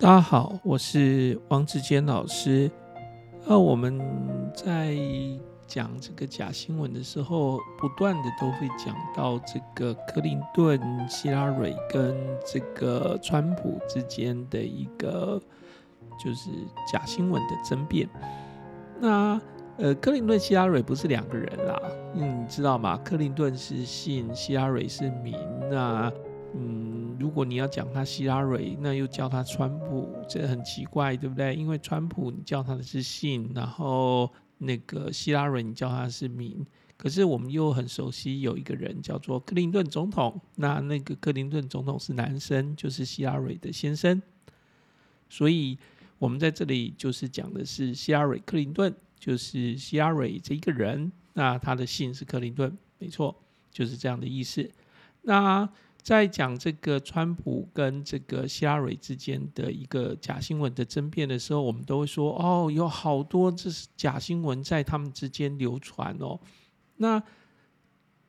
大家好，我是王志堅老師。那、呃、我們在講這個假新聞的時候，不斷的都會講到這個克林頓、希拉蕊跟這個川普之間的一個就是假新聞的爭辯。那呃，克林頓、希拉蕊不是兩個人啦、啊，你、嗯、知道嗎？克林頓是姓，希拉蕊是名那、啊嗯，如果你要講他希拉蕊，那又叫他川普，這很奇怪，對不對？因為川普你叫他的是姓，然後那個希拉蕊你叫他是名。可是我們又很熟悉有一個人叫做克林頓總統，那那個克林頓總統是男生，就是希拉蕊的先生。所以我們在這裡就是講的是希拉蕊·克林頓，就是希拉蕊這一個人。那他的姓是克林頓，沒錯，就是這樣的意思。那。在講這個川普跟這個希拉蕊之間的一個假新聞的爭辯的時候，我們都會說：哦，有好多這是假新聞在他們之間流傳哦。那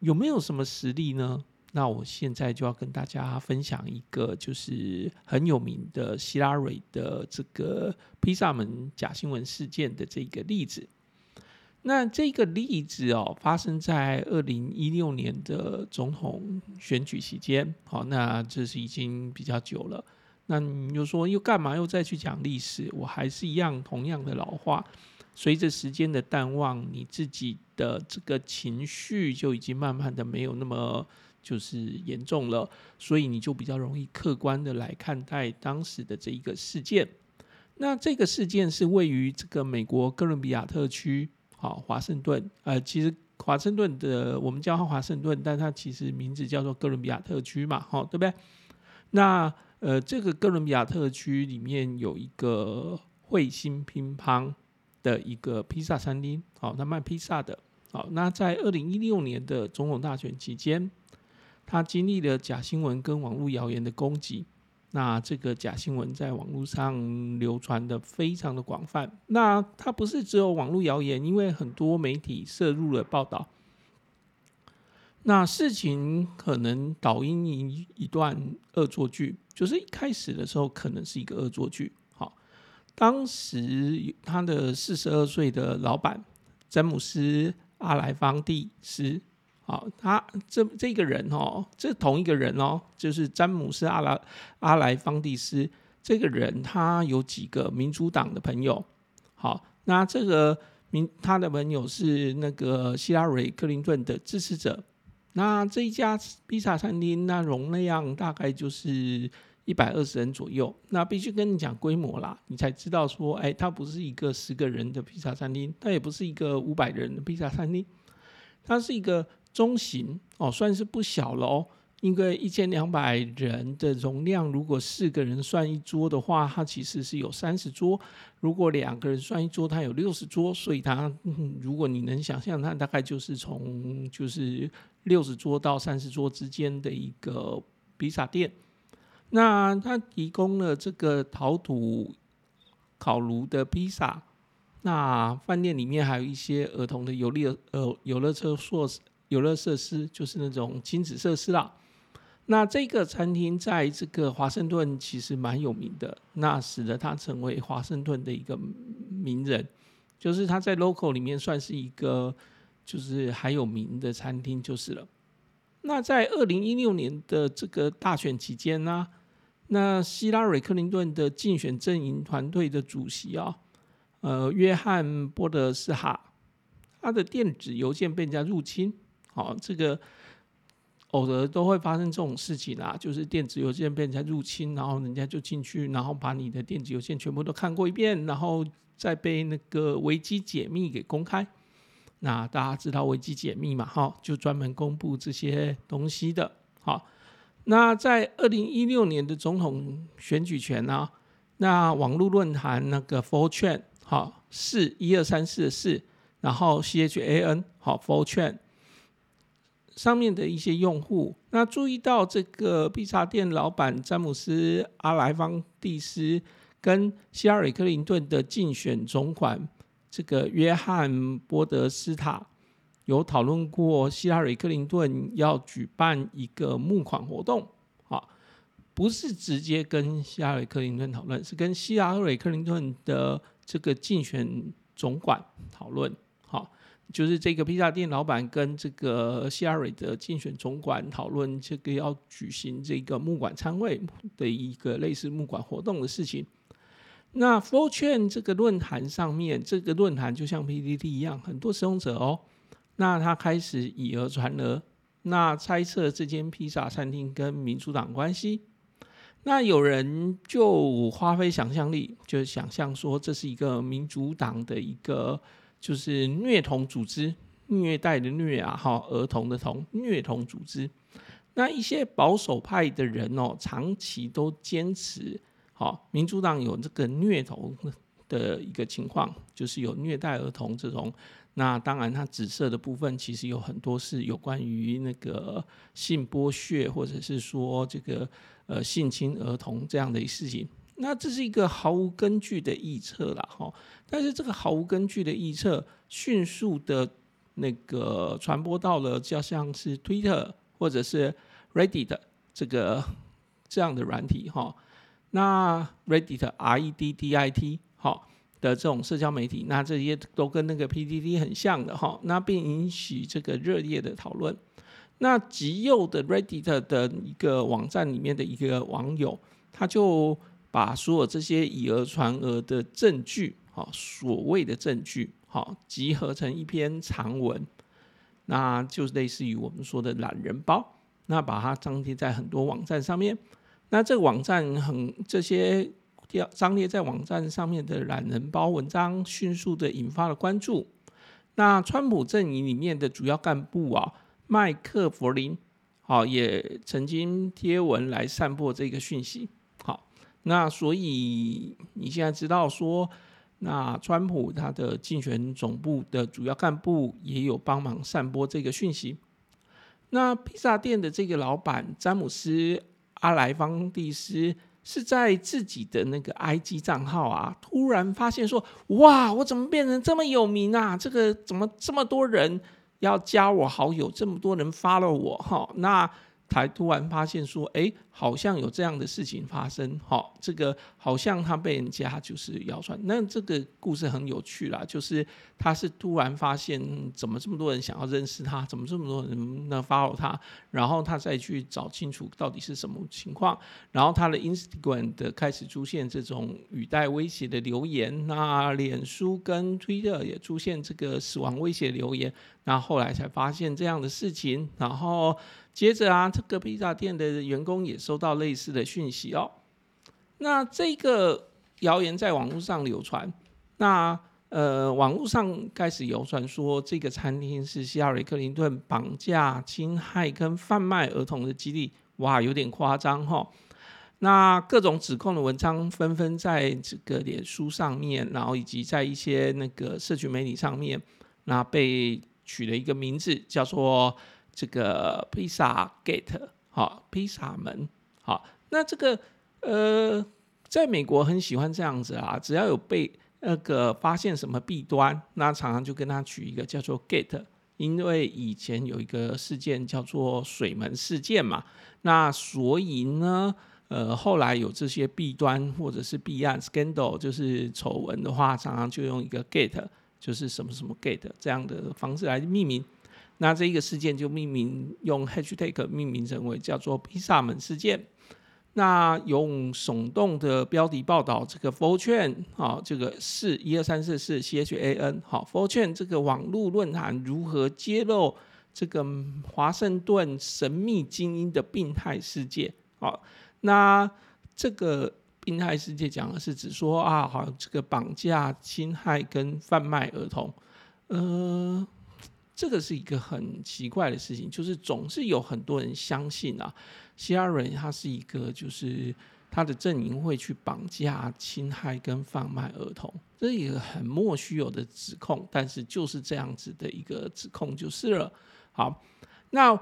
有沒有什麼實例呢？那我現在就要跟大家分享一個就是很有名的希拉蕊的這個披薩門假新聞事件的這個例子。那這個例子哦，發生在二零一六年的總統選舉期間。好，那這是已經比較久了。那你又說，又幹嘛又再去講歷史？我還是一樣同樣的老話。隨着時間的淡忘，你自己的這個情緒就已經慢慢的沒有那麼就是嚴重了，所以你就比較容易客觀的來看待當時的這一個事件。那這個事件是位於這個美國哥倫比亞特區。好，華盛頓，呃，其實華盛頓的我們叫它華盛頓，但它其實名字叫做哥倫比亞特區嘛，好，對不對？那呃，這個哥倫比亞特區裡面有一個彗星乒乓的一個披薩餐廳，好，它賣披薩的，好，那在二零一六年的總統大選期間，它經歷了假新聞跟網絡謠言的攻擊。那這個假新聞在網絡上流傳的非常的廣泛，那它不是只有網絡謠言，因為很多媒體涉入了報道。那事情可能導因一一段惡作劇，就是一開始的時候可能是一個惡作劇。好，當時他的四十二歲的老闆詹姆斯阿萊方蒂斯。好，他這這個人哦，這同一個人哦，就是詹姆斯阿拉阿萊方蒂斯這個人，他有幾個民主黨的朋友。好，那這個民他的朋友是那個希拉蕊克林頓的支持者。那這一家披薩餐廳，那容量大概就是一百二十人左右。那必須跟你講規模啦，你才知道說，哎，他不是一個十個人的披薩餐廳，他也不是一個五百人的披薩餐廳，他是一個。中型哦，算是不小了哦。應該一千兩百人的容量，如果四個人算一桌的話，它其實是有三十桌；如果兩個人算一桌，它有六十桌。所以它、嗯，如果你能想象，它大概就是從就是六十桌到三十桌之間的一個披薩店。那它提供了這個陶土烤爐的披薩。那飯店裡面還有一些兒童的遊樂呃遊樂車設施。遊樂設施就是那種親子設施啦、啊。那這個餐廳在這個華盛頓其實蠻有名的，那使得他成為華盛頓的一個名人，就是他在 local 裡面算是一個就是很有名的餐廳就是了。那在二零一六年的這個大選期間呢、啊，那希拉蕊克林頓的競選陣營團隊的主席啊，呃，約翰·波德斯哈，他的電子郵件被人家入侵。好，這個偶爾都會發生這種事情啦、啊，就是電子郵件被人家入侵，然後人家就進去，然後把你的電子郵件全部都看過一遍，然後再被那個維基解密給公開。那大家知道維基解密嘛？哈，就專門公布這些東西的。好，那在二零一六年的總統選舉權呢、啊？那網絡論壇那個 4chan 好，四一二三四的四，然後 C H A N，哈 4chan 上面的一些用戶，那注意到這個披薩店老闆詹姆斯阿萊方蒂斯跟希拉蕊克林頓的競選總管這個約翰波德斯塔有討論過，希拉蕊克林頓要舉辦一個募款活動，啊，不是直接跟希拉蕊克林頓討論，是跟希拉蕊克林頓的這個競選總管討論。就是這個披薩店老闆跟這個希拉蕊的競選總管討論這個要舉行這個募款餐會的，一個類似募款活動的事情。那 4chan 這個論壇上面，這個論壇就像 PTT 一樣，很多使用者哦。那他開始以訛傳訛，那猜測這間披薩餐廳跟民主黨關係。那有人就發揮想象力，就想象說，這是一個民主黨的一個。就是虐童組織，虐待的虐啊，哈，兒童的童，虐童組織。那一些保守派的人哦，長期都堅持，好、哦，民主黨有這個虐童的一個情況，就是有虐待兒童這種。那當然，他紫色的部分其實有很多是有關於那個性剝削，或者是說這個呃性侵兒童這樣的一事情。那這是一個毫無根據的臆測啦哈，但是這個毫無根據的臆測迅速的那個傳播到了，就像是 Twitter 或者是 Reddit 這個這樣的軟體哈，那 Reddit R E D D I T 哈的這種社交媒體，那這些都跟那個 PTT 很像的哈，那並引起這個熱烈的討論。那極右的 Reddit 的一個網站裡面的一個網友，他就。把所有這些以訛傳訛的證據，哈，所謂的證據，哈，集合成一篇長文，那就是類似於我們說的懶人包，那把它張貼在很多網站上面，那這個網站很這些張貼在網站上面的懶人包文章，迅速的引發了關注，那川普陣營裡面的主要幹部啊，麥克弗林，啊，也曾經貼文來散播這個訊息。那所以你現在知道說，那川普他的競選總部的主要幹部也有幫忙散播這個訊息。那披薩店的這個老闆詹姆斯阿萊方蒂斯是在自己的那個 IG 賬號啊，突然發現說，哇，我怎麼變成這麼有名啊？這個怎麼這麼多人要加我好友？這麼多人發了我號那。才突然發現說，哎、欸，好像有這樣的事情發生，好、哦、這個好像他被人家就是謠傳。那這個故事很有趣啦，就是他是突然發現，怎麼這麼多人想要認識他，怎麼這麼多人呢 follow 他，然後他再去找清楚到底是什麼情況。然後他的 Instagram 的開始出現這種語帶威脅的留言，那臉書跟推特也出現這個死亡威脅留言，那後來才發現這樣的事情，然後。接着啊，這個披薩店的員工也收到類似的訊息哦。那這個謠言在網絡上流傳，那呃，網絡上開始有傳說這個餐廳是希拉蕊克林頓綁架、侵害跟販賣兒童的基地，哇，有點誇張哈、哦。那各種指控的文章紛紛，紛在這個臉書上面，然後以及在一些那個社群媒體上面，那被取了一個名字叫做。這個披薩 gate，好，披薩門，好。那這個呃，在美國很喜歡這樣子啊，只要有被那個發現什麼弊端，那常常就跟他取一個叫做 gate，因為以前有一個事件叫做水門事件嘛，那所以呢，呃，後來有這些弊端或者是弊案 scandal，就是醜聞的話，常常就用一個 gate，就是什麼什麼 gate 這樣的方式來命名。那這一個事件就命名用 hash tag 命名成為叫做披薩門事件。那用聳動的標題報道這個 4chan 啊，這個四一二三四是 C H A N 好 4chan 這個網絡論壇如何揭露這個華盛頓神秘精英的病態世界啊？那這個病態世界講的是指說啊，好這個綁架、侵害跟販賣兒童，呃。這個是一個很奇怪的事情，就是總是有很多人相信啊，希拉蕊他是一個就是他的陣營會去綁架、侵害跟販賣兒童，這是一個很莫須有的指控，但是就是這樣子的一個指控就是了。好，那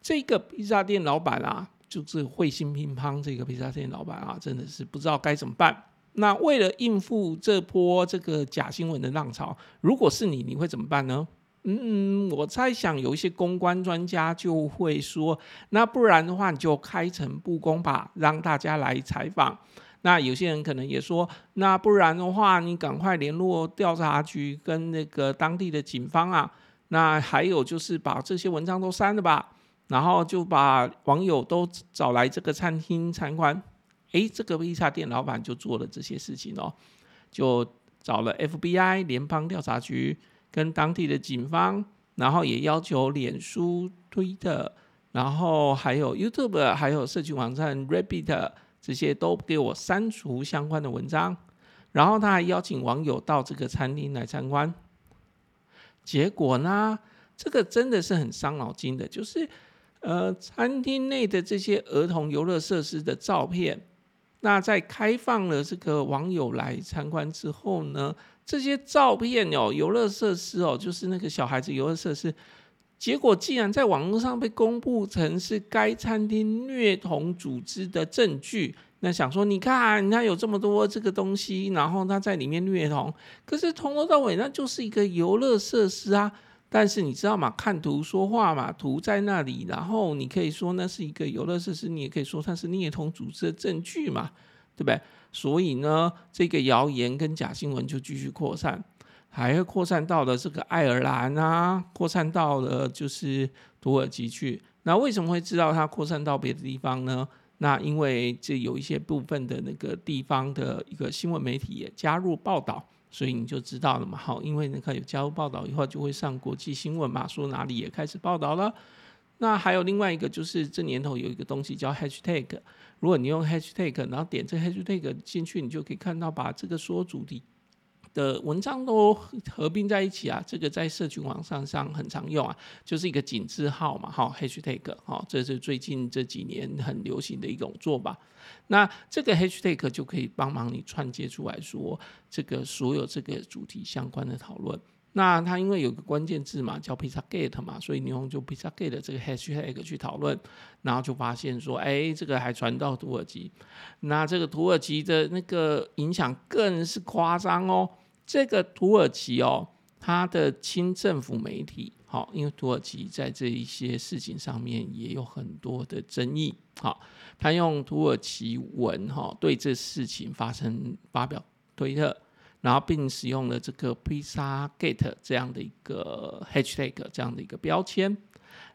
這個披薩店老闆啊，就是彗星乒乓這個披薩店老闆啊，真的是不知道該怎麼辦。那為了應付這波這個假新聞的浪潮，如果是你，你會怎麼辦呢？嗯，我在想，有一些公關專家就會說，那不然的話你就開誠布公吧，讓大家來採訪。那有些人可能也說，那不然的話，你趕快聯絡調查局跟那個當地的警方啊。那還有就是把這些文章都刪了吧，然後就把網友都找來這個餐廳參觀。哎，這個披薩店老板就做了這些事情哦，就找了 FBI 聯邦調查局。跟當地的警方，然後也要求臉書、推特，然後還有 YouTube，還有社區網站 Reddit 這些都給我刪除相關的文章。然後他還邀請網友到這個餐廳來參觀。結果呢，這個真的是很傷腦筋的，就是呃，餐廳內的這些兒童遊樂設施的照片，那在開放了這個網友來參觀之後呢，這些照片哦，遊樂設施哦，就是那個小孩子遊樂設施，結果竟然在網絡上被公布成是該餐廳虐童組織的證據。那想說，你看，他有這麼多這個東西，然後他在裡面虐童，可是從頭到尾，那就是一個遊樂設施啊。但是你知道嗎？看圖說話嘛，圖在那裡，然後你可以說那是一個遊樂設施，你也可以說它是虐童組織的證據嘛。對不對？所以呢，這個謠言跟假新聞就繼續擴散，還會擴散到了這個愛爾蘭啊，擴散到了就是土耳其去。那為什麼會知道它擴散到別的地方呢？那因為這有一些部分的那個地方的一個新聞媒體也加入報道，所以你就知道了嘛。好，因為你看有加入報道以後，就會上國際新聞嘛，說哪裡也開始報道了。那還有另外一個，就是這年頭有一個東西叫 hashtag。如果你用 hashtag，然後點這 hashtag 進去，你就可以看到把這個所有主題的文章都合併在一起啊。這個在社群網站上上很常用啊，就是一個井字號嘛，好、哦、hashtag 好、哦，這是最近這幾年很流行的一種做法。那這個 hashtag 就可以幫忙你串接出來說這個所有這個主題相關的討論。那他因為有個關鍵字嘛，叫 Pizza Gate 嘛，所以你用就 Pizza Gate 這個 hashtag 去討論，然後就發現說，哎、欸，這個還傳到土耳其，那這個土耳其的那個影響更是誇張哦。這個土耳其哦，他的親政府媒體，好，因為土耳其在這一些事情上面也有很多的爭議，他用土耳其文哈對這事情發生發表推特，然後並使用了這個 PizzaGate 這樣的一個 hashtag 這樣的一個標籤。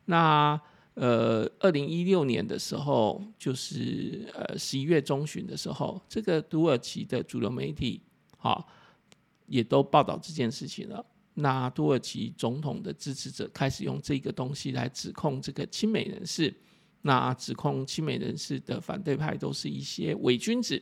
那呃，二零一六年的時候，就是呃十一月中旬的時候，這個土耳其的主流媒體啊、哦、也都報道這件事情了。那土耳其總統的支持者開始用這個東西來指控這個親美人士，那指控親美人士的反對派都是一些偽君子。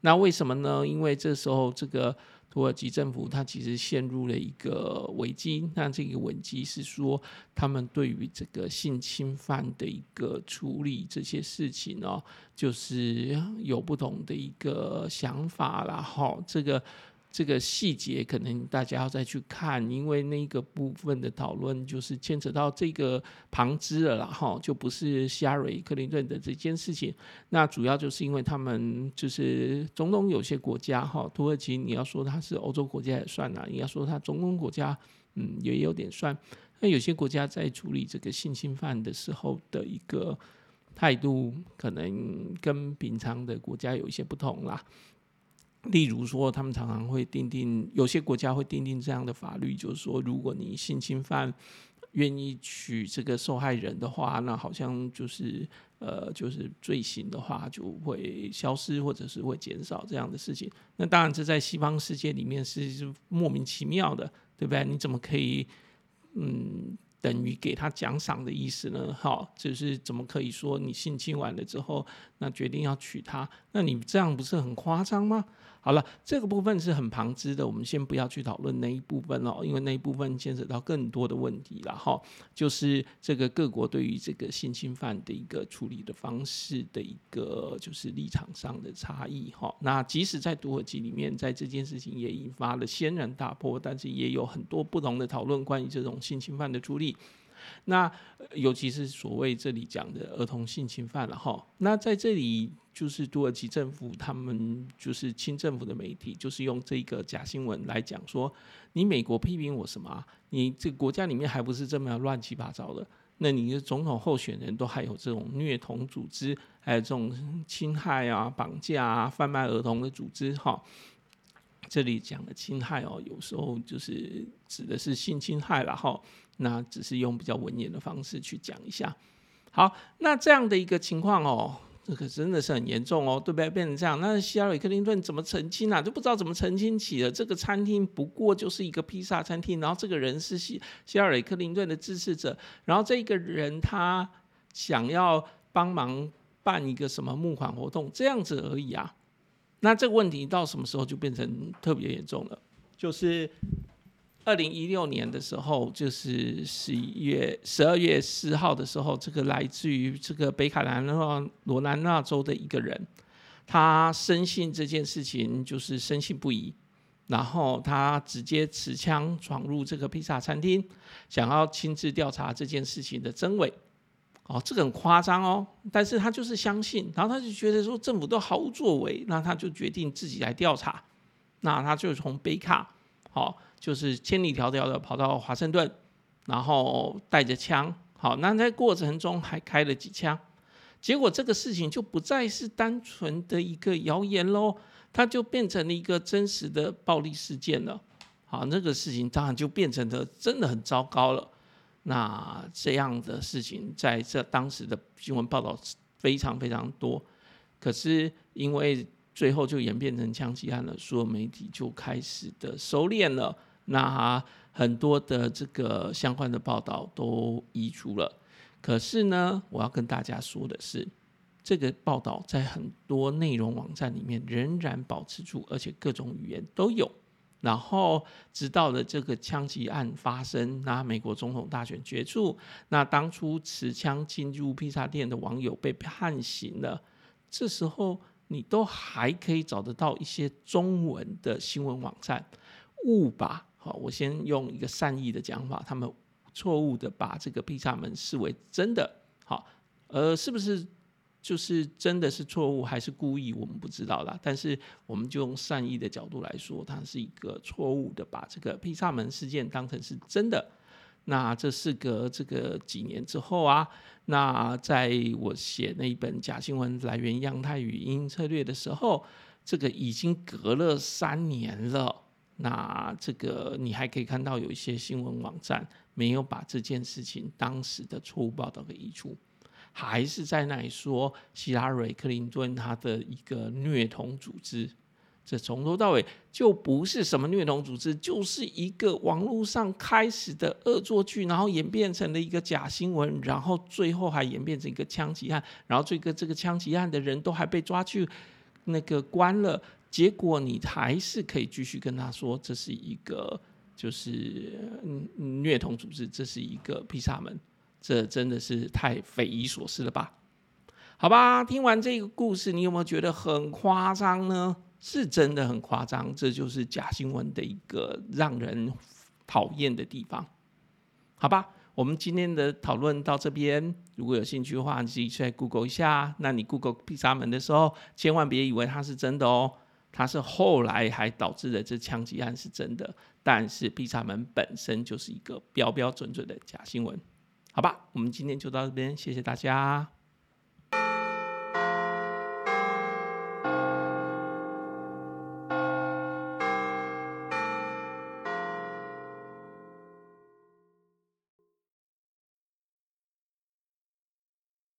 那為什麼呢？因為這時候這個土耳其政府，它其實陷入了一個危機。那這個危機是說，他們對於這個性侵犯的一個處理這些事情呢、哦，就是有不同的一個想法啦。好、哦，這個。這個細節可能大家要再去看，因為那個部分的討論就是牽扯到這個旁支了啦，哈，就不是希拉蕊克林頓的這件事情。那主要就是因為他們就是中東有些國家，哈，土耳其你要說它是歐洲國家也算啦，你要說它中東國家，嗯，也有點算。那有些國家在處理這個性侵犯的時候的一個態度，可能跟平常的國家有一些不同啦。例如說，他們常常會訂定，有些國家會訂定這樣的法律，就是說，如果你性侵犯願意娶這個受害人的話，那好像就是呃，就是罪行的話就會消失，或者是會減少這樣的事情。那當然，這在西方世界裡面是莫名其妙的，對不對？你怎麼可以嗯？等於給他獎賞的意思呢？哈、哦，就是怎麼可以說你性侵完了之後，那決定要娶她，那你這樣不是很誇張嗎？好了，這個部分是很旁支的，我們先不要去討論那一部分哦，因為那一部分牽扯到更多的問題了哈、哦。就是這個各國對於這個性侵犯的一個處理的方式的一個就是立場上的差異哈、哦。那即使在土耳其裡面，在這件事情也引發了軒然大波，但是也有很多不同的討論關於這種性侵犯的處理。那尤其是所謂這裡講的兒童性侵犯了哈，那在這裡就是土耳其政府，他們就是親政府的媒體，就是用這個假新聞來講說，你美國批評我什麼啊？你這個國家裡面還不是這麼亂七八糟的？那你的總統候選人都還有這種虐童組織，還有這種侵害啊、綁架啊、販賣兒童的組織哈。這裡講的侵害哦，有時候就是指的是性侵害了哈。那只是用比較文言的方式去講一下。好，那這樣的一個情況哦，這可真的是很嚴重哦，對不對？變成這樣，那希拉蕊·克林頓怎麼澄清啊？就不知道怎麼澄清起了。這個餐廳不過就是一個披薩餐廳，然後這個人是希希拉蕊·克林頓的支持者，然後這個人他想要幫忙辦一個什麼募款活動，這樣子而已啊。那這個問題到什麼時候就變成特別嚴重了？就是。二零一六年的時候，就是十一月十二月四號的時候，這個來自於這個北卡羅萊納州的一個人，他深信這件事情就是深信不疑，然後他直接持槍闖入這個披薩餐廳，想要親自調查這件事情的真偽。哦，這個很誇張哦，但是他就是相信，然後他就覺得說政府都毫無作為，那他就決定自己來調查，那他就從北卡，好。就是千里迢迢的跑到華盛頓，然後帶着槍，好，那在過程中還開了幾槍，結果這個事情就不再是單純的一個謠言嘍，它就變成了一個真實的暴力事件了，好，那個事情當然就變成的真的很糟糕了。那這樣的事情在這當時的新聞報道非常非常多，可是因為最後就演變成槍擊案了，所有媒體就開始的收斂了。那、啊、很多的這個相關的報道都移除了，可是呢，我要跟大家說的是，這個報道在很多內容網站裡面仍然保持住，而且各種語言都有。然後，直到了這個槍擊案發生，那美國總統大選結束，那當初持槍進入披薩店的網友被判刑了，這時候你都還可以找得到一些中文的新聞網站，誤把。好，我先用一個善意的講法，他們錯誤的把這個披薩門視為真的。好，呃，是不是就是真的是錯誤還是故意，我們不知道啦。但是我們就用善意的角度來說，它是一個錯誤的把這個披薩門事件當成是真的。那這事隔這個幾年之後啊，那在我寫那一本《假新聞來源樣態與應對策略》的時候，這個已經隔了三年了。那這個你還可以看到有一些新聞網站沒有把這件事情當時的錯誤報道給移除，還是在那裡說希拉蕊克林頓他的一個虐童組織。這從頭到尾就不是什麼虐童組織，就是一個網絡上開始的惡作劇，然後演變成了一個假新聞，然後最後還演變成一個槍擊案，然後這個這個槍擊案的人都還被抓去那個關了。結果你還是可以繼續跟他說這是一個就是虐童組織，這是一個披薩門，這真的是太匪夷所思了吧？好吧，聽完這個故事，你有沒有覺得很誇張呢？是真的很誇張，這就是假新聞的一個讓人討厭的地方。好吧，我們今天的討論到這邊，如果有興趣的話，你自己去 Google 一下。那你 Google 披薩門的時候，千萬別以為它是真的哦。他是後來還導致的這槍擊案是真的，但是 B 超門本身就是一個標標準準的假新聞。好吧，我們今天就到這邊，謝謝大家。